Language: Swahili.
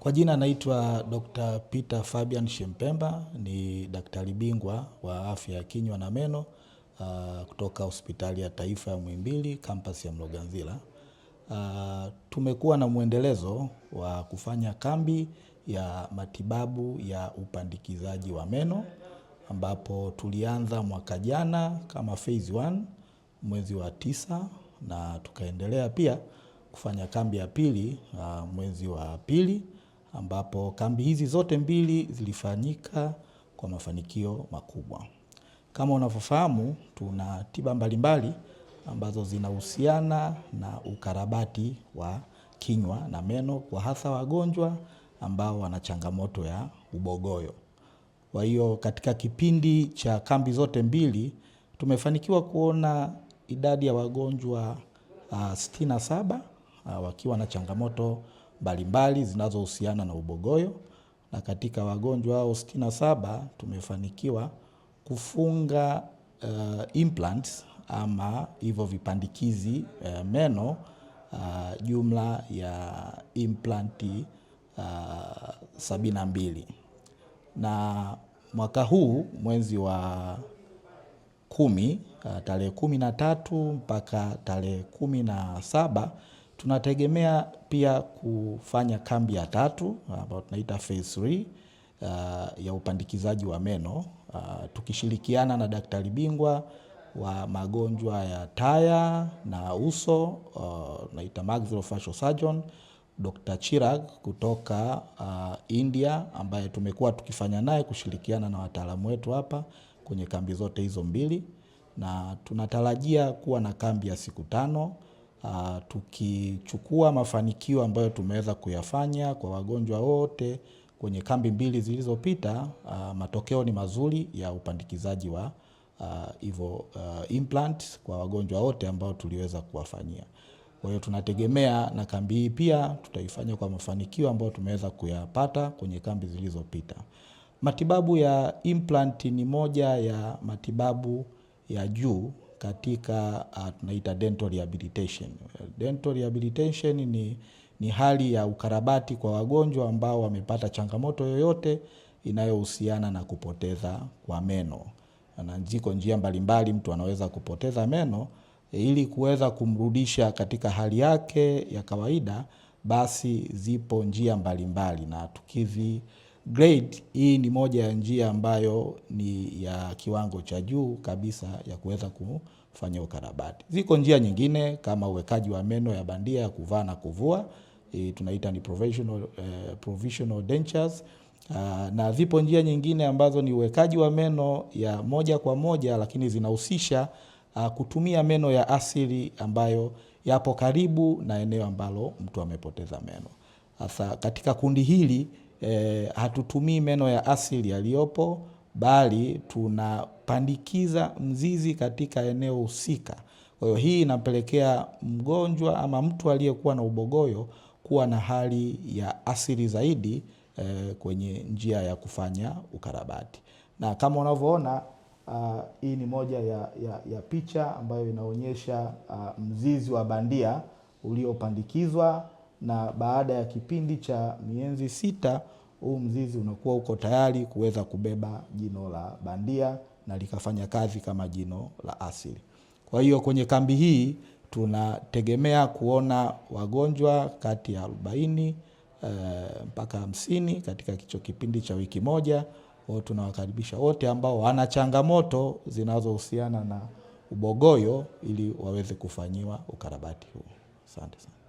Kwa jina anaitwa Dr. Peter Fabian Shempemba, ni daktari bingwa wa afya ya kinywa na meno uh, kutoka hospitali ya taifa ya Muhimbili kampasi ya Mloganzila. Uh, tumekuwa na mwendelezo wa kufanya kambi ya matibabu ya upandikizaji wa meno ambapo tulianza mwaka jana kama phase 1 mwezi wa tisa na tukaendelea pia kufanya kambi ya pili uh, mwezi wa pili ambapo kambi hizi zote mbili zilifanyika kwa mafanikio makubwa. Kama unavyofahamu, tuna tiba mbalimbali ambazo zinahusiana na ukarabati wa kinywa na meno kwa hasa wagonjwa ambao wana changamoto ya ubogoyo. Kwa hiyo katika kipindi cha kambi zote mbili tumefanikiwa kuona idadi ya wagonjwa uh, uh, wakiwa na changamoto mbalimbali zinazohusiana na ubogoyo na katika wagonjwa hao 67 tumefanikiwa kufunga uh, implants ama hivyo vipandikizi uh, meno uh, jumla ya implanti uh, 72 na mwaka huu mwezi wa kumi uh, tarehe kumi na tatu mpaka tarehe kumi na saba Tunategemea pia kufanya kambi ya tatu ambayo tunaita phase 3 uh, ya upandikizaji wa meno uh, tukishirikiana na daktari bingwa wa magonjwa ya taya na uso uh, naita maxillofacial surgeon Dr. Chirag kutoka uh, India ambaye tumekuwa tukifanya naye kushirikiana na wataalamu wetu hapa kwenye kambi zote hizo mbili, na tunatarajia kuwa na kambi ya siku tano. Ah, tukichukua mafanikio ambayo tumeweza kuyafanya kwa wagonjwa wote kwenye kambi mbili zilizopita, ah, matokeo ni mazuri ya upandikizaji wa ah, hivyo implant kwa wagonjwa wote ambao tuliweza kuwafanyia. Kwa hiyo tunategemea na kambi hii pia tutaifanya kwa mafanikio ambayo tumeweza kuyapata kwenye kambi zilizopita. Matibabu ya implant ni moja ya matibabu ya juu katika uh, tunaita dental rehabilitation. Dental rehabilitation ni, ni hali ya ukarabati kwa wagonjwa ambao wamepata changamoto yoyote inayohusiana na kupoteza kwa meno, na ziko njia mbalimbali mtu anaweza kupoteza meno ili kuweza kumrudisha katika hali yake ya kawaida, basi zipo njia mbalimbali mbali, na tukizi Grade hii ni moja ya njia ambayo ni ya kiwango cha juu kabisa ya kuweza kufanya ukarabati. Ziko njia nyingine kama uwekaji wa meno ya bandia ya kuvaa na kuvua, e, tunaita ni provisional, eh, provisional dentures, Uh, na zipo njia nyingine ambazo ni uwekaji wa meno ya moja kwa moja lakini zinahusisha uh, kutumia meno ya asili ambayo yapo karibu na eneo ambalo mtu amepoteza meno. sasa katika kundi hili e, hatutumii meno ya asili yaliyopo, bali tunapandikiza mzizi katika eneo husika. Kwa hiyo hii inapelekea mgonjwa ama mtu aliyekuwa na ubogoyo kuwa na hali ya asili zaidi e, kwenye njia ya kufanya ukarabati. Na kama unavyoona uh, hii ni moja ya, ya, ya picha ambayo inaonyesha uh, mzizi wa bandia uliopandikizwa na baada ya kipindi cha miezi sita huu mzizi unakuwa uko tayari kuweza kubeba jino la bandia na likafanya kazi kama jino la asili. Kwa hiyo kwenye kambi hii tunategemea kuona wagonjwa kati ya arobaini eh, mpaka e, hamsini katika kicho kipindi cha wiki moja. hiyo tunawakaribisha wote ambao wana changamoto zinazohusiana na ubogoyo ili waweze kufanyiwa ukarabati huu. Asante sana.